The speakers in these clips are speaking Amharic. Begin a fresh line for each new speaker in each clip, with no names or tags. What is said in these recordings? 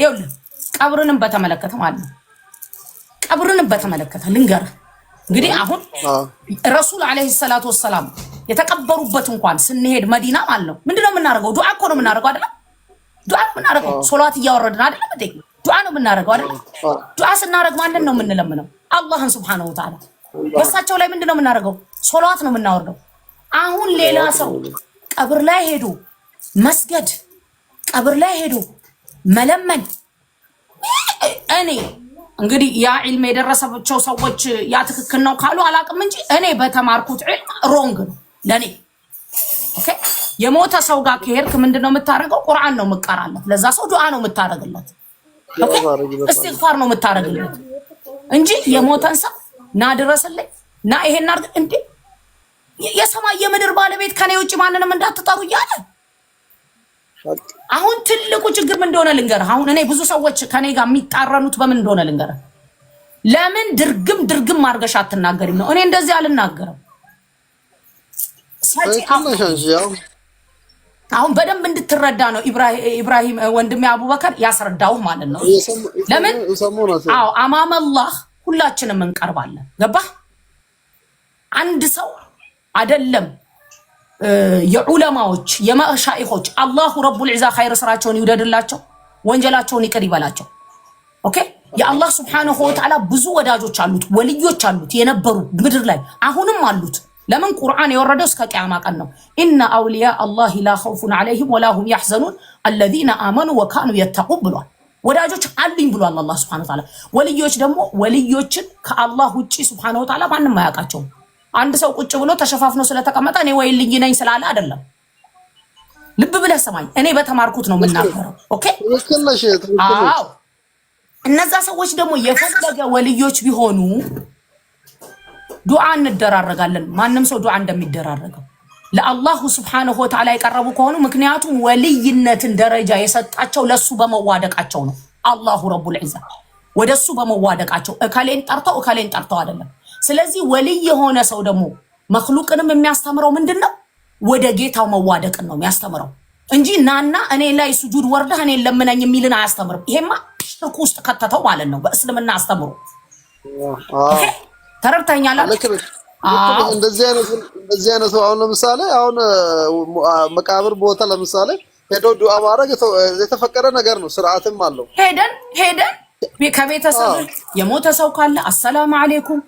ይኸውልህ ቀብርንም በተመለከተ ማለት ነው። ቀብርንም በተመለከተ ልንገር እንግዲህ አሁን ረሱል ዓለይሂ ሰላቱ ወሰላም የተቀበሩበት እንኳን ስንሄድ መዲና ማለት ነው ምንድነው የምናደርገው? ዱዓ እኮ ነው የምናደርገው አይደለም? ዱዓ ነው የምናደርገው። ሶላት እያወረድን አይደለም እንዴ? ዱዓ ነው የምናደርገው አይደለም? ዱዓ ስናደርግ ማንን ነው የምንለምነው? አላህን ሱብሓነሁ ወተዓላ። በእሳቸው ላይ ምንድነው የምናደርገው? ሶላት ነው የምናወርደው። አሁን ሌላ ሰው ቀብር ላይ ሄዶ መስገድ፣ ቀብር ላይ ሄዶ መለመን እኔ እንግዲህ ያ ዒልም የደረሰባቸው ሰዎች ያ ትክክል ነው ካሉ አላቅም እንጂ እኔ በተማርኩት ዒልም ሮንግ ነው ለእኔ። የሞተ ሰው ጋር ከሄድክ ምንድን ነው የምታደርገው? ቁርአን ነው የምቀራለት፣ ለዛ ሰው፣ ዱዓ ነው የምታደርግለት፣ እስትግፋር ነው የምታደርግለት እንጂ የሞተን ሰው ና ድረስልኝ፣ ና ይሄን አድርግ እንዴ የሰማይ የምድር ባለቤት ከኔ ውጭ ማንንም እንዳትጠሩ እያለ አሁን ትልቁ ችግር ምን እንደሆነ ልንገርህ። አሁን እኔ ብዙ ሰዎች ከኔ ጋር የሚጣረኑት በምን እንደሆነ ልንገርህ። ለምን ድርግም ድርግም አድርገሽ አትናገሪም ነው። እኔ እንደዚህ አልናገርም። አሁን በደንብ እንድትረዳ ነው ኢብራሂም ወንድሜ አቡበከር ያስረዳው ማለት ነው። ለምን አዎ፣ አማመላህ ሁላችንም እንቀርባለን። ገባህ? አንድ ሰው አይደለም የዑለማዎች የመሻኢኾች አላሁ ረቡል ዒዛ ኸይር ስራቸውን ይውደድላቸው፣ ወንጀላቸውን ይቅር ይበላቸው። ኦኬ የአላህ ስብሓነሁ ወተዓላ ብዙ ወዳጆች አሉት፣ ወልዮች አሉት፣ የነበሩ ምድር ላይ አሁንም አሉት። ለምን ቁርአን የወረደው እስከ ቅያማ ቀን ነው። ኢነ አውልያ አላህ ላ ኸውፉን ዓለይሂም ወላሁም ያሕዘኑን አለዚነ አመኑ ወካኑ የተቁን ብሏል። ወዳጆች አሉኝ ብሏል አላህ ስብሓነሁ ወተዓላ። ወልዮች ደግሞ ወልዮችን ከአላህ ውጭ ስብሓነሁ ወተዓላ ማንም አያውቃቸውም። አንድ ሰው ቁጭ ብሎ ተሸፋፍኖ ስለተቀመጠ እኔ ልኝ ነኝ ስላለ አይደለም። ልብ ብለህ ስማኝ፣ እኔ በተማርኩት ነው የምናገረው። ኦኬ፣ እነዛ ሰዎች ደግሞ የፈለገ ወልዮች ቢሆኑ ዱዓ እንደራረጋለን። ማንም ሰው ዱዓ እንደሚደራረገው ለአላሁ ስብሓነሁ ወተዓላ የቀረቡ ከሆኑ ምክንያቱም ወልይነትን ደረጃ የሰጣቸው ለሱ በመዋደቃቸው ነው። አላሁ ረቡል ዒዛ ወደሱ በመዋደቃቸው እከሌን ጠርተው እከሌን ጠርተው አይደለም። ስለዚህ ወልይ የሆነ ሰው ደግሞ መክሉቅንም የሚያስተምረው ምንድን ነው? ወደ ጌታው መዋደቅን ነው የሚያስተምረው እንጂ ናና እኔ ላይ ሱጁድ ወርደህ እኔ ለምነኝ የሚልን አያስተምርም። ይሄማ ሽርኩ ውስጥ ከተተው ማለት ነው። በእስልምና አስተምሮ ተረድተኛለህ?
እንደዚህ አይነቱ አሁን ለምሳሌ አሁን መቃብር ቦታ ለምሳሌ ሄዶ ዱዓ ማድረግ የተፈቀደ ነገር ነው። ስርዓትም አለው።
ሄደን ሄደን ከቤተሰብ የሞተ ሰው ካለ አሰላም አሌይኩም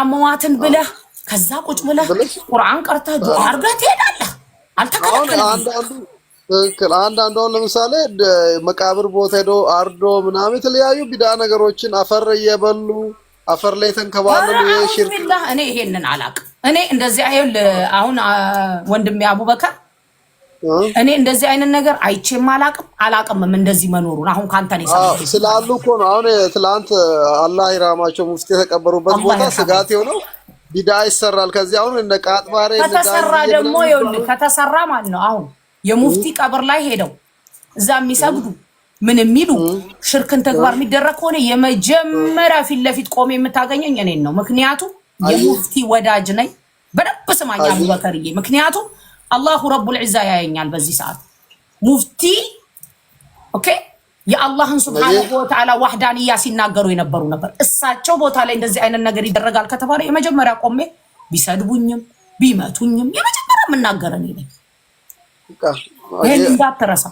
አመዋትን ብለህ ከዛ ቁጭ ብለህ ቁርአን ቀርተህ ዱዓ አድርገህ ትሄዳለህ። አልተከለከለም።
አንዳንዱ አሁን ለምሳሌ መቃብር ቦታ ሄዶ አርዶ ምናምን የተለያዩ ቢዳ ነገሮችን አፈር እየበሉ አፈር ላይ ተንከባለሉ።
ሽርክ። እኔ ይሄንን አላውቅም። እኔ እንደዚህ አይል አሁን ወንድሜ አቡበከር እኔ እንደዚህ አይነት ነገር አይቼም አላቅም አላቅምም። እንደዚህ መኖሩን አሁን ከአንተ ነው
ስላሉ እኮ ነው። አሁን ትላንት አላህ ይራማቸው ሙፍቲ የተቀበሩበት ቦታ ስጋት የሆነው ቢዳ ይሰራል። ከዚህ አሁን እነ ቃጥባሬ
ከተሰራ ደግሞ ይኸውልህ ከተሰራ ማለት ነው አሁን የሙፍቲ ቀብር ላይ ሄደው እዛ የሚሰግዱ ምን የሚሉ ሽርክን ተግባር የሚደረግ ከሆነ የመጀመሪያ ፊት ለፊት ቆሜ የምታገኘኝ እኔን ነው። ምክንያቱም የሙፍቲ ወዳጅ ነኝ። በደንብ ስማኝ አቡበከርዬ፣ ምክንያቱም አላሁ ረቡል ዒዛ ያየኛል። በዚህ ሰዓት ሙፍቲ ኦኬ የአላህን ስብሓነሁ ወተዓላ ዋህዳንያ ሲናገሩ የነበሩ ነበር። እሳቸው ቦታ ላይ እንደዚህ አይነት ነገር ይደረጋል ከተባለ የመጀመሪያ ቆሜ ቢሰድቡኝም ቢመቱኝም የመጀመሪያ የምናገረን ይ ይህን እንዳትረሳ።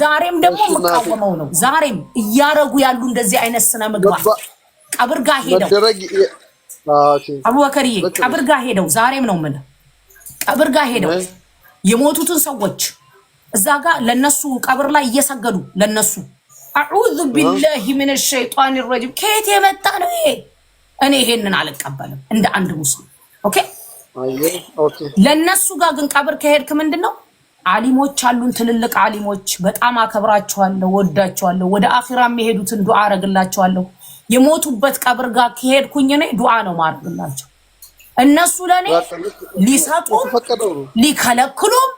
ዛሬም ደግሞ የምቃወመው ነው። ዛሬም እያረጉ ያሉ እንደዚህ አይነት ስነ ምግባር ቀብር ጋ ሄደው አቡበከርዬ፣ ቀብር ጋ ሄደው ዛሬም ነው የምልህ ቀብር ጋ ሄደው የሞቱትን ሰዎች እዛ ጋር ለነሱ ቀብር ላይ እየሰገዱ ለነሱ አዑዙ ቢላሂ ምን ሸይጣን ረጂም ከየት የመጣ ነው ይሄ? እኔ ይሄንን አልቀበልም እንደ አንድ ሙስሊም። ኦኬ ለነሱ ጋር ግን ቀብር ከሄድክ ምንድን ነው አሊሞች አሉን፣ ትልልቅ አሊሞች በጣም አከብራቸዋለሁ፣ ወዳቸዋለሁ። ወደ አኺራ የሚሄዱትን ዱዓ አረግላቸዋለሁ። የሞቱበት ቀብር ጋር ከሄድኩኝ እኔ ዱዓ ነው ማረግላቸው። እነሱ ለኔ ሊሰጡም ሊከለክሉም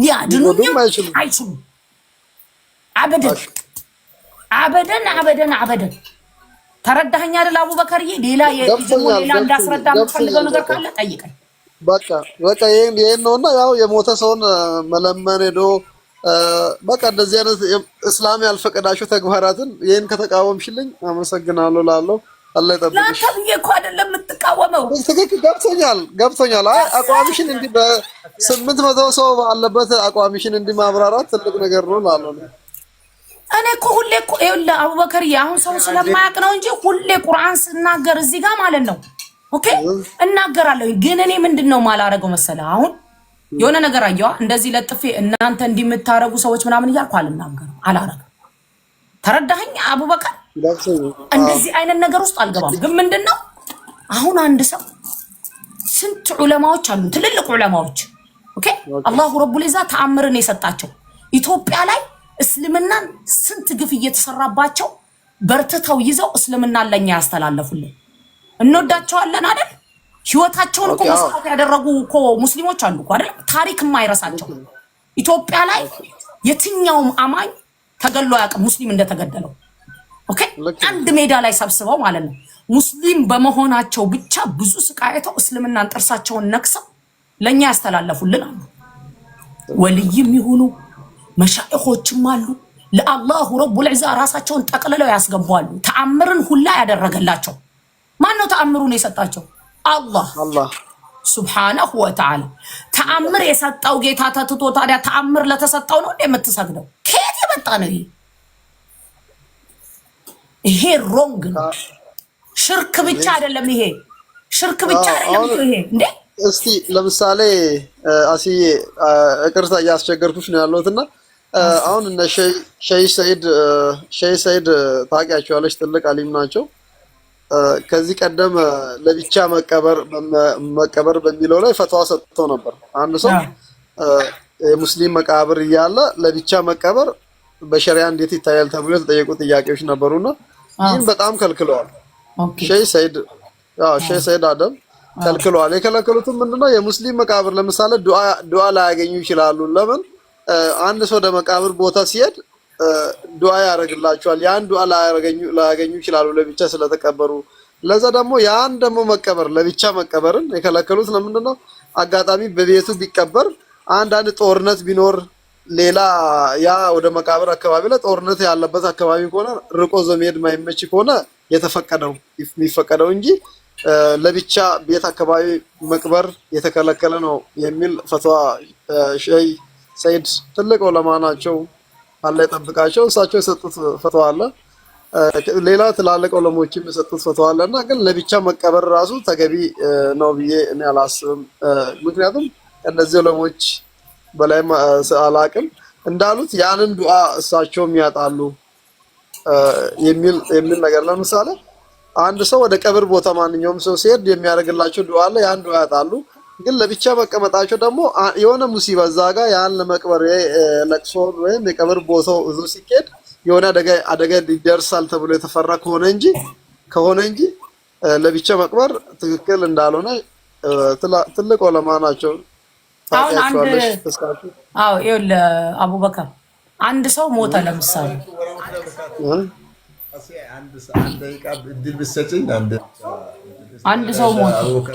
ሊያድኑኝም አይችሉም። አበደን አበደን አበደን አበደን። ተረዳኸኝ አይደል አቡበከርዬ? ሌላ
ሌላ
እንዳስረዳ የምትፈልገው ነገር ካለ ጠይቀኝ።
በቃ በቃ ይሄን ይሄን ነውና ያው የሞተ ሰውን መለመን ሄዶ በቃ እንደዚህ አይነት እስላም ያልፈቀዳቸው ተግባራትን ይህን ከተቃወምሽልኝ አመሰግናለሁ ላለው አላህ ይጠብቅሽ። ለአንተ
ብዬ እኮ አይደለም የምትቃወመው።
ትክክል ገብቶኛል፣ ገብቶኛል። አይ አቋሚሽን እንዲህ በስምንት መቶ ሰው ባለበት አቋሚሽን እንዲህ ማብራራት ትልቅ ነገር ነው እላለሁ።
እኔ እኮ ሁሌ እኮ ይኸውልህ አቡበከር፣ አሁን ሰው ስለማያውቅ ነው እንጂ ሁሌ ቁርአን ስናገር እዚህ ጋር ማለት ነው ኦኬ እናገራለሁ። ግን እኔ ምንድን ነው ማላረገው መሰለህ አሁን የሆነ ነገር አየዋ እንደዚህ ለጥፌ እናንተ እንዲህ የምታረጉ ሰዎች ምናምን እያልኩ አልናገርም፣ አላረግም። ተረዳኸኝ አቡበከር? እንደዚህ አይነት ነገር ውስጥ አልገባም። ግን ምንድን ነው አሁን አንድ ሰው ስንት ዑለማዎች አሉ፣ ትልልቅ ዑለማዎች አላሁ ረቡል ተአምርን የሰጣቸው ኢትዮጵያ ላይ እስልምናን ስንት ግፍ እየተሰራባቸው በርትተው ይዘው እስልምናን ለኛ ያስተላለፉልን እንወዳቸዋለን አይደል? ህይወታቸውን እኮ መስዋዕት ያደረጉ እኮ ሙስሊሞች አሉ እኮ አይደል? ታሪክ የማይረሳቸው ኢትዮጵያ ላይ የትኛውም አማኝ ተገሎ አያውቅም ሙስሊም እንደተገደለው። ኦኬ አንድ ሜዳ ላይ ሰብስበው ማለት ነው። ሙስሊም በመሆናቸው ብቻ ብዙ ስቃይተው እስልምናን ጥርሳቸውን ነክሰው ለእኛ ያስተላለፉልን አሉ። ወልይም ይሁኑ መሻይኾችም አሉ። ለአላሁ ረቡል ዒዛ ራሳቸውን ጠቅልለው ያስገቧሉ። ተአምርን ሁላ ያደረገላቸው ማን ነው? ተአምሩን የሰጣቸው አላህ ሱብሓነሁ ወተዓላ። ተአምር የሰጠው ጌታ ተትቶ ታዲያ ተአምር ለተሰጠው ነው እንደ የምትሰግደው? ከየት የመጣ ነው ይሄ? ይሄ ሮንግ ነው። ሽርክ ብቻ አይደለም ይሄ ሽርክ ብቻ አይደለም ይሄ እንዴ።
እስቲ ለምሳሌ አስዬ እቅርታ እያስቸገርኩሽ ነው ያለሁት እና አሁን እነ ሸይ ሰይድ ሸይ ሰይድ ታውቂያቸዋለች? ትልቅ አሊም ናቸው። ከዚህ ቀደም ለብቻ መቀበር መቀበር በሚለው ላይ ፈትዋ ሰጥቶ ነበር። አንድ ሰው የሙስሊም መቃብር እያለ ለብቻ መቀበር በሸሪያ እንዴት ይታያል ተብሎ የተጠየቁ ጥያቄዎች ነበሩና ይህን በጣም ከልክለዋል። ሼህ ሰይድ አደም ከልክለዋል። የከለከሉትም ምንድነው የሙስሊም መቃብር ለምሳሌ ዱዓ ላያገኙ ይችላሉ። ለምን አንድ ሰው ወደ መቃብር ቦታ ሲሄድ ዱዓ ያደርግላቸዋል። ያን ዱዓ ላያገኙ ይችላሉ ለብቻ ስለተቀበሩ። ለዛ ደግሞ ያን ደግሞ መቀበር ለብቻ መቀበርን የከለከሉት ለምንድነው? አጋጣሚ በቤቱ ቢቀበር አንዳንድ ጦርነት ቢኖር ሌላ ያ ወደ መቃብር አካባቢ ላይ ጦርነት ያለበት አካባቢ ከሆነ ርቆ ዘመድ ማይመች ከሆነ የተፈቀደው የሚፈቀደው እንጂ ለብቻ ቤት አካባቢ መቅበር የተከለከለ ነው የሚል ፈትዋ ሸይ ሰይድ ትልቅ ዑለማ ናቸው። አለ የጠብቃቸው። እሳቸው የሰጡት ፈትዋ አለ፣ ሌላ ትላልቅ ዑለሞችም የሰጡት ፈትዋ አለ እና ግን ለብቻ መቀበር ራሱ ተገቢ ነው ብዬ እኔ አላስብም። ምክንያቱም እነዚህ ዑለሞች በላይ አላቅም እንዳሉት ያንን ዱዓ እሳቸውም ያጣሉ የሚል ነገር ለምሳሌ አንድ ሰው ወደ ቀብር ቦታ ማንኛውም ሰው ሲሄድ የሚያደርግላቸው ዱዓ አለ። ያን ዱዓ ያጣሉ። ግን ለብቻ መቀመጣቸው ደግሞ የሆነ ሙሲባ እዛ ጋር ያን ለመቅበር ለቅሶ ወይም የቀብር ቦታው እዙ ሲኬድ የሆነ አደጋ አደጋ ይደርሳል ተብሎ የተፈራ ከሆነ እንጂ ከሆነ እንጂ ለብቻ መቅበር ትክክል እንዳልሆነ ትልቅ ዑለማ ናቸው
አሁን አንድ አዎ ይኸውልህ አቡበከር አንድ ሰው ሞተ። ለምሳሌ አንድ ሰው ሞተ።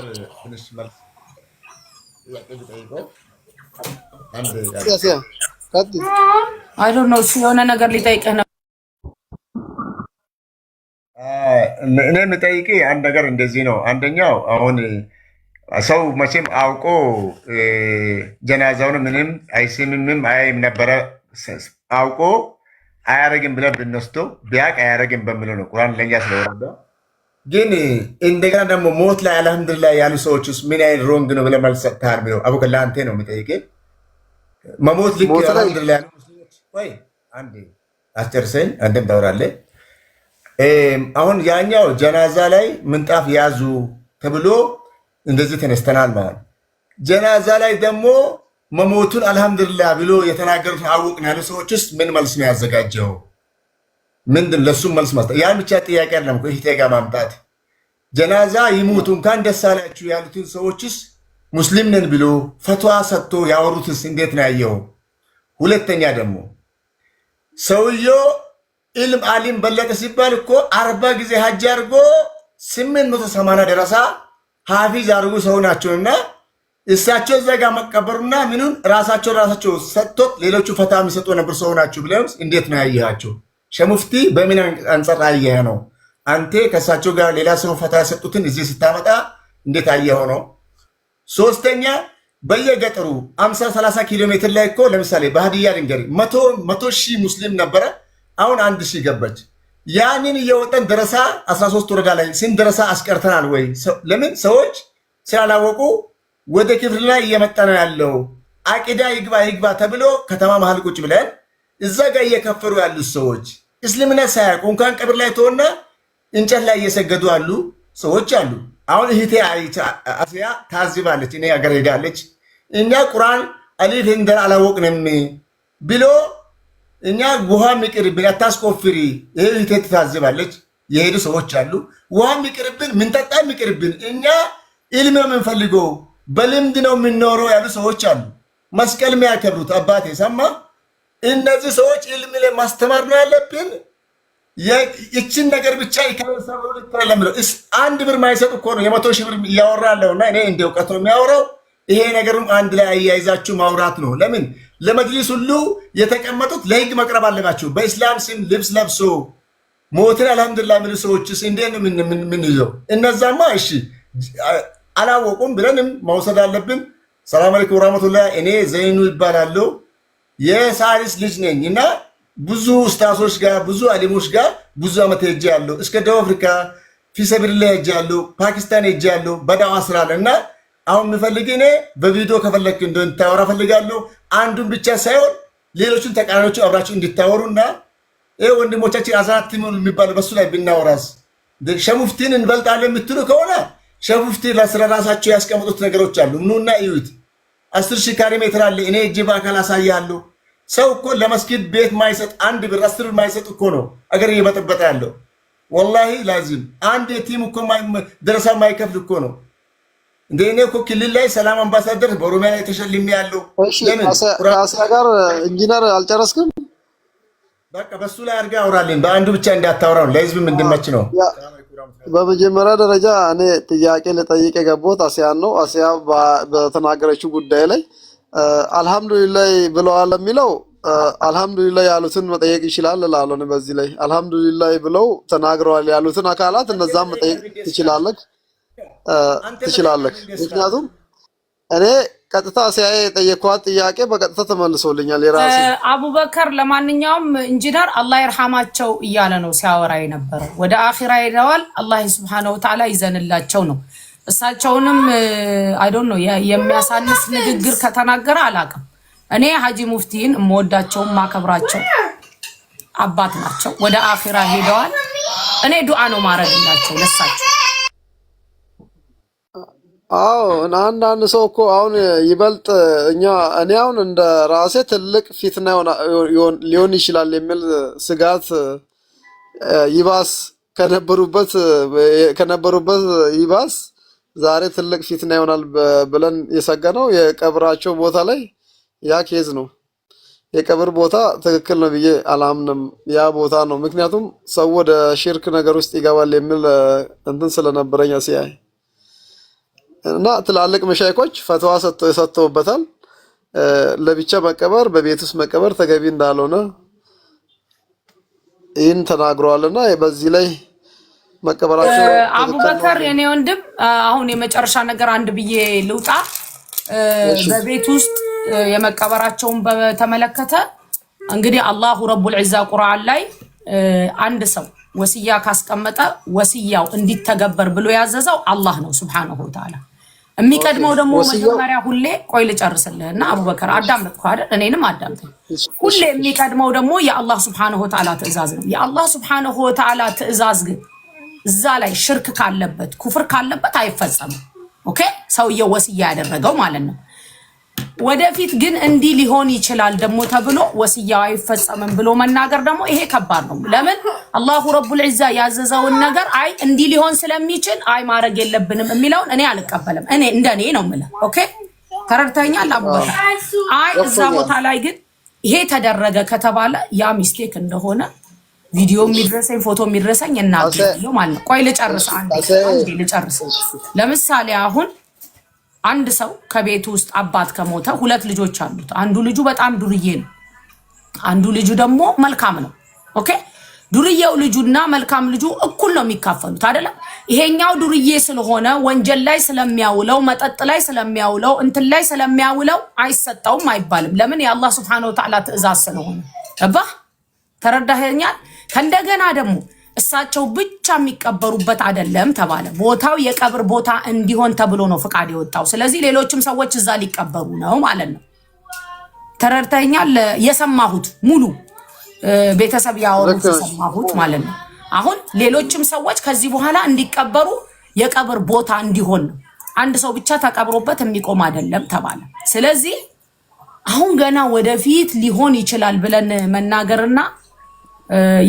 አይ ዶንት ኖ እሱ የሆነ ነገር ሊጠይቅህ ነው።
እኔ የምጠይቅህ አንድ ነገር እንደዚህ ነው። አንደኛው አሁን ሰው መቼም አውቆ ጀናዛውን ምንም አይስምምም አያይም ነበረ። አውቆ አያረግም ብለን ብንወስዶ ቢያቅ አያረግም በምለው ነው ቁርአን ለኛ ስለወረደ። ግን እንደገና ደግሞ ሞት ላይ አልሐምዱሊላህ ያሉ ሰዎች ውስጥ ምን አይነት ሮንግ ነው ብለህ መልስ ሰጥተሃል የሚለው አቡከር ለአንተ ነው የሚጠይቅ። መሞት ልክ አልሐምዱሊላህ ያሉ ሰዎች ወይ አንዴ አስጨርሰኝ፣ አንተም ታወራለህ። አሁን ያኛው ጀናዛ ላይ ምንጣፍ ያዙ ተብሎ እንደዚህ ተነስተናል ማለት ጀናዛ ላይ ደግሞ መሞቱን አልሐምዱሊላ ብሎ የተናገሩትን አወቅን ያሉ ሰዎች ውስጥ ምን መልስ ነው ያዘጋጀው? ምንድን ለእሱም መልስ መስጠት። ያን ብቻ ጥያቄ አለም ይህቴ ጋር ማምጣት ጀናዛ ይሞቱ እንኳን ደስ አላችሁ ያሉትን ሰዎችስ ሙስሊም ነን ብሎ ፈትዋ ሰጥቶ ያወሩትስ እንዴት ነው ያየው? ሁለተኛ ደግሞ ሰውየው ኢልም አሊም በለጠ ሲባል እኮ አርባ ጊዜ ሀጅ አድርጎ ስምንት መቶ ሰማንያ ደረሳ ሀፊዝ አድርጉ ሰው ናቸውና እሳቸው እዛ ጋር መቀበሩና ምኑን ራሳቸው ራሳቸው ሰጥቶት ሌሎቹ ፈታ የሚሰጡ ነበር ሰው ናቸው ብለ እንዴት ነው ያየሃቸው? ሸሙፍቲ በምን አንጻር አየህ ነው? አንቴ ከእሳቸው ጋር ሌላ ሰው ፈታ የሰጡትን እዚህ ስታመጣ እንዴት አየኸው ነው? ሶስተኛ በየገጠሩ አምሳ ሰላሳ ኪሎ ሜትር ላይ እኮ ለምሳሌ በሀዲያ ድንገሪ መቶ ሺህ ሙስሊም ነበረ። አሁን አንድ ሺህ ገባች። ያንን እየወጠን ደረሳ 13 ወረዳ ላይ ስንት ደረሳ አስቀርተናል ወይ? ለምን ሰዎች ስላላወቁ ወደ ክፍል ላይ እየመጣ ነው ያለው። አቂዳ ይግባ ይግባ ተብሎ ከተማ መሀል ቁጭ ብለን እዛ ጋር እየከፈሩ ያሉት ሰዎች እስልምና ሳያውቁ እንኳን ቀብር ላይ ተሆነ እንጨት ላይ እየሰገዱ ያሉ ሰዎች አሉ። አሁን እህቴ አስያ ታዝባለች። እኔ ሀገር ሄዳለች። እኛ ቁርአን አሊፍ እንደር አላወቅንም ብሎ እኛ ውሃ የሚቅርብን አታስቆፍሪ፣ ይሄ እህቴ የሄዱ ሰዎች አሉ። ውሃ የሚቅርብን ምንጠጣ የሚቅርብን፣ እኛ ኢልም ነው የምንፈልገው፣ በልምድ ነው የምንኖረው ያሉ ሰዎች አሉ። መስቀል የሚያከብሩት አባቴ ሰማ። እነዚህ ሰዎች ኢልም ማስተማር ነው ያለብን። ይችን ነገር ብቻ ይከለሰብለምለው አንድ ብር ማይሰጥ እኮ ነው የመቶ ሺህ ብር እያወራ ያለውና እኔ እንደ እውቀት ነው የሚያወራው። ይሄ ነገሩም አንድ ላይ አያይዛችሁ ማውራት ነው ለምን ለመጅሊስ ሁሉ የተቀመጡት ለህግ መቅረብ አለባቸው። በኢስላም ስም ልብስ ለብሶ ሞትን አልሐምዱላ ምን ሰዎችስ እንዴት ነው የምንይዘው? እነዛማ እሺ አላወቁም ብለንም መውሰድ አለብን። ሰላም አለይኩም ወራህመቱላ። እኔ ዘይኑ ይባላለሁ የሳሪስ ልጅ ነኝ እና ብዙ ኡስታዞች ጋር ብዙ አሊሞች ጋር ብዙ ዓመት ሄጄ ያለው እስከ ደቡብ አፍሪካ ፊሰብርላ ሄጄ ያለው ፓኪስታን ሄጄ ያለው በዳዋ ስራ እና አሁን የምፈልግ እኔ በቪዲዮ ከፈለግ እንድታወራ ፈልጋለሁ። አንዱን ብቻ ሳይሆን ሌሎችን ተቃራኒዎች አብራችሁ እንድታወሩና ይህ ወንድሞቻችን አዛራት ሆኑ የሚባለው በሱ ላይ ብናወራስ ሸሙፍቲን እንበልጣለን የምትሉ ከሆነ ሸሙፍቲ ራሳቸው ያስቀመጡት ነገሮች አሉ። ኑና እዩት። አስር ሺህ ካሬ ሜትር አለ። እኔ እጅ በአካል አሳያለሁ። ሰው እኮ ለመስጊድ ቤት ማይሰጥ አንድ ብር አስር ማይሰጥ እኮ ነው አገር እየመጠበጠ ያለው ወላሂ ላዚም አንድ የቲም እኮ ደረሳ ማይከፍል እኮ ነው እንደ እኔ እኮ ክልል ላይ ሰላም አምባሳደር በኦሮሚያ ላይ ተሸልሚ ያለው ከአስራ ጋር ኢንጂነር አልጨረስክም? በቃ በሱ ላይ አድርገህ አውራልኝ። በአንዱ ብቻ እንዳታወራው ለህዝብም እንድመች ነው። በመጀመሪያ ደረጃ እኔ ጥያቄ ልጠይቅ የገባሁት አሲያን ነው። አሲያ በተናገረችው ጉዳይ ላይ አልሐምዱሊላይ ብለዋል የሚለው አልሐምዱሊላይ ያሉትን መጠየቅ ይችላል እላለሁ። በዚህ ላይ አልሐምዱሊላይ ብለው ተናግረዋል ያሉትን አካላት እነዛም መጠየቅ ትችላለህ። ትችላለህ። ምክንያቱም እኔ ቀጥታ ሲያየ የጠየኳት ጥያቄ በቀጥታ ተመልሶልኛል። የራሴ
አቡበከር ለማንኛውም ኢንጂነር አላህ ይርሃማቸው እያለ ነው ሲያወራ የነበረው። ወደ አኺራ ሄደዋል። አላህ ስብሓነ ወተዓላ ይዘንላቸው ነው። እሳቸውንም አይዶን ነው የሚያሳንስ ንግግር ከተናገረ አላቅም። እኔ ሀጂ ሙፍቲን የምወዳቸውም ማከብራቸው አባት ናቸው። ወደ አኺራ ሄደዋል። እኔ ዱዓ ነው ማድረግላቸው ለሳቸው
አዎ አንዳንድ ሰው እኮ አሁን ይበልጥ እኛ እኔ አሁን እንደ ራሴ ትልቅ ፊትና ሊሆን ይችላል የሚል ስጋት ይባስ ከነበሩበት ከነበሩበት ይባስ ዛሬ ትልቅ ፊትና ይሆናል ብለን የሰገነው የቀብራቸው ቦታ ላይ ያ ኬዝ ነው። የቀብር ቦታ ትክክል ነው ብዬ አላምንም። ያ ቦታ ነው ምክንያቱም ሰው ወደ ሽርክ ነገር ውስጥ ይገባል የሚል እንትን ስለነበረኛ ሲያይ እና ትላልቅ መሻይኮች ፈትዋ ሰጥተውበታል። ለብቻ መቀበር በቤት ውስጥ መቀበር ተገቢ እንዳልሆነ ይህን እና በዚህ ላይ
መቀበራቸው አቡበከር የኔ ወንድም፣ አሁን የመጨረሻ ነገር አንድ ብዬ ልውጣ። በቤት ውስጥ የመቀበራቸውን በተመለከተ እንግዲህ አላሁ ረቡል ዒዛ ቁርአን ላይ አንድ ሰው ወስያ ካስቀመጠ ወስያው እንዲተገበር ብሎ ያዘዘው አላህ ነው ሱብሓነሁ ወተዓላ። የሚቀድመው ደግሞ መጀመሪያ ሁሌ ቆይ ልጨርስልህ እና አቡበከር አዳመጥኩህ አይደል? እኔንም አዳምጠኝ። ሁሌ የሚቀድመው ደግሞ የአላህ ስብሐነሁ ወተዓላ ትእዛዝ ነው። የአላህ ስብሐነሁ ወተዓላ ትእዛዝ ግን እዛ ላይ ሽርክ ካለበት ኩፍር ካለበት አይፈጸምም። ኦኬ፣ ሰውየው ወስያ ያደረገው ማለት ነው። ወደፊት ግን እንዲህ ሊሆን ይችላል ደግሞ ተብሎ ወስያው አይፈጸምም ብሎ መናገር ደግሞ ይሄ ከባድ ነው። ለምን አላሁ ረቡል ዒዛ ያዘዘውን ነገር አይ እንዲህ ሊሆን ስለሚችል አይ ማድረግ የለብንም የሚለውን እኔ አልቀበልም። እኔ እንደ እኔ ነው የምልህ። ኦኬ ተረድተኛል? አቦታ አይ እዛ ቦታ ላይ ግን ይሄ ተደረገ ከተባለ ያ ሚስቴክ እንደሆነ ቪዲዮ የሚድረሰኝ ፎቶ የሚድረሰኝ እናገ ማለት ነው። ቆይ ልጨርስ፣ አንዴ ልጨርስ። ለምሳሌ አሁን አንድ ሰው ከቤት ውስጥ አባት ከሞተ ሁለት ልጆች አሉት። አንዱ ልጁ በጣም ዱርዬ ነው፣ አንዱ ልጁ ደግሞ መልካም ነው። ኦኬ ዱርዬው ልጁና መልካም ልጁ እኩል ነው የሚካፈሉት አይደለም። ይሄኛው ዱርዬ ስለሆነ ወንጀል ላይ ስለሚያውለው፣ መጠጥ ላይ ስለሚያውለው፣ እንትን ላይ ስለሚያውለው አይሰጠውም አይባልም። ለምን? የአላህ ስብሐነሁ ወተዓላ ትዕዛዝ ስለሆነ። እባህ ተረዳኸኛል? ከእንደገና ደግሞ እሳቸው ብቻ የሚቀበሩበት አይደለም ተባለ። ቦታው የቀብር ቦታ እንዲሆን ተብሎ ነው ፍቃድ የወጣው። ስለዚህ ሌሎችም ሰዎች እዛ ሊቀበሩ ነው ማለት ነው። ተረድተኛል? የሰማሁት ሙሉ ቤተሰብ ያወሩት የሰማሁት ማለት ነው። አሁን ሌሎችም ሰዎች ከዚህ በኋላ እንዲቀበሩ የቀብር ቦታ እንዲሆን ነው። አንድ ሰው ብቻ ተቀብሮበት የሚቆም አይደለም ተባለ። ስለዚህ አሁን ገና ወደፊት ሊሆን ይችላል ብለን መናገርና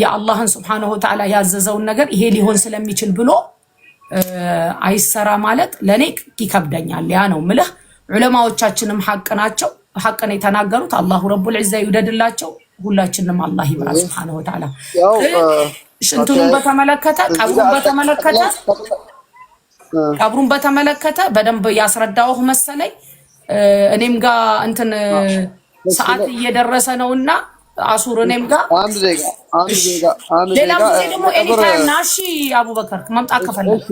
የአላህን ስብሓነሁ ወተዓላ ያዘዘውን ነገር ይሄ ሊሆን ስለሚችል ብሎ አይሰራ ማለት ለእኔ ይከብደኛል። ያ ነው ምልህ። ዑለማዎቻችንም ሐቅ ናቸው፣ ሐቅን የተናገሩት አላሁ ረቡል ዒዛ ይውደድላቸው። ሁላችንም አላህ ይምራ ስብሓነሁ ወተዓላ። ሽንቱንም በተመለከተ ቀብሩን በተመለከተ ቀብሩን በተመለከተ በደንብ ያስረዳውህ መሰለኝ። እኔም ጋር እንትን ሰዓት እየደረሰ ነውና አሱር እኔም ጋር አንድ ዜጋ አንድ ዜጋ አንድ ዜጋ ሌላ ጊዜ ደግሞ ኤኒታይም ና። እሺ አቡበከር መምጣት ከፈለግ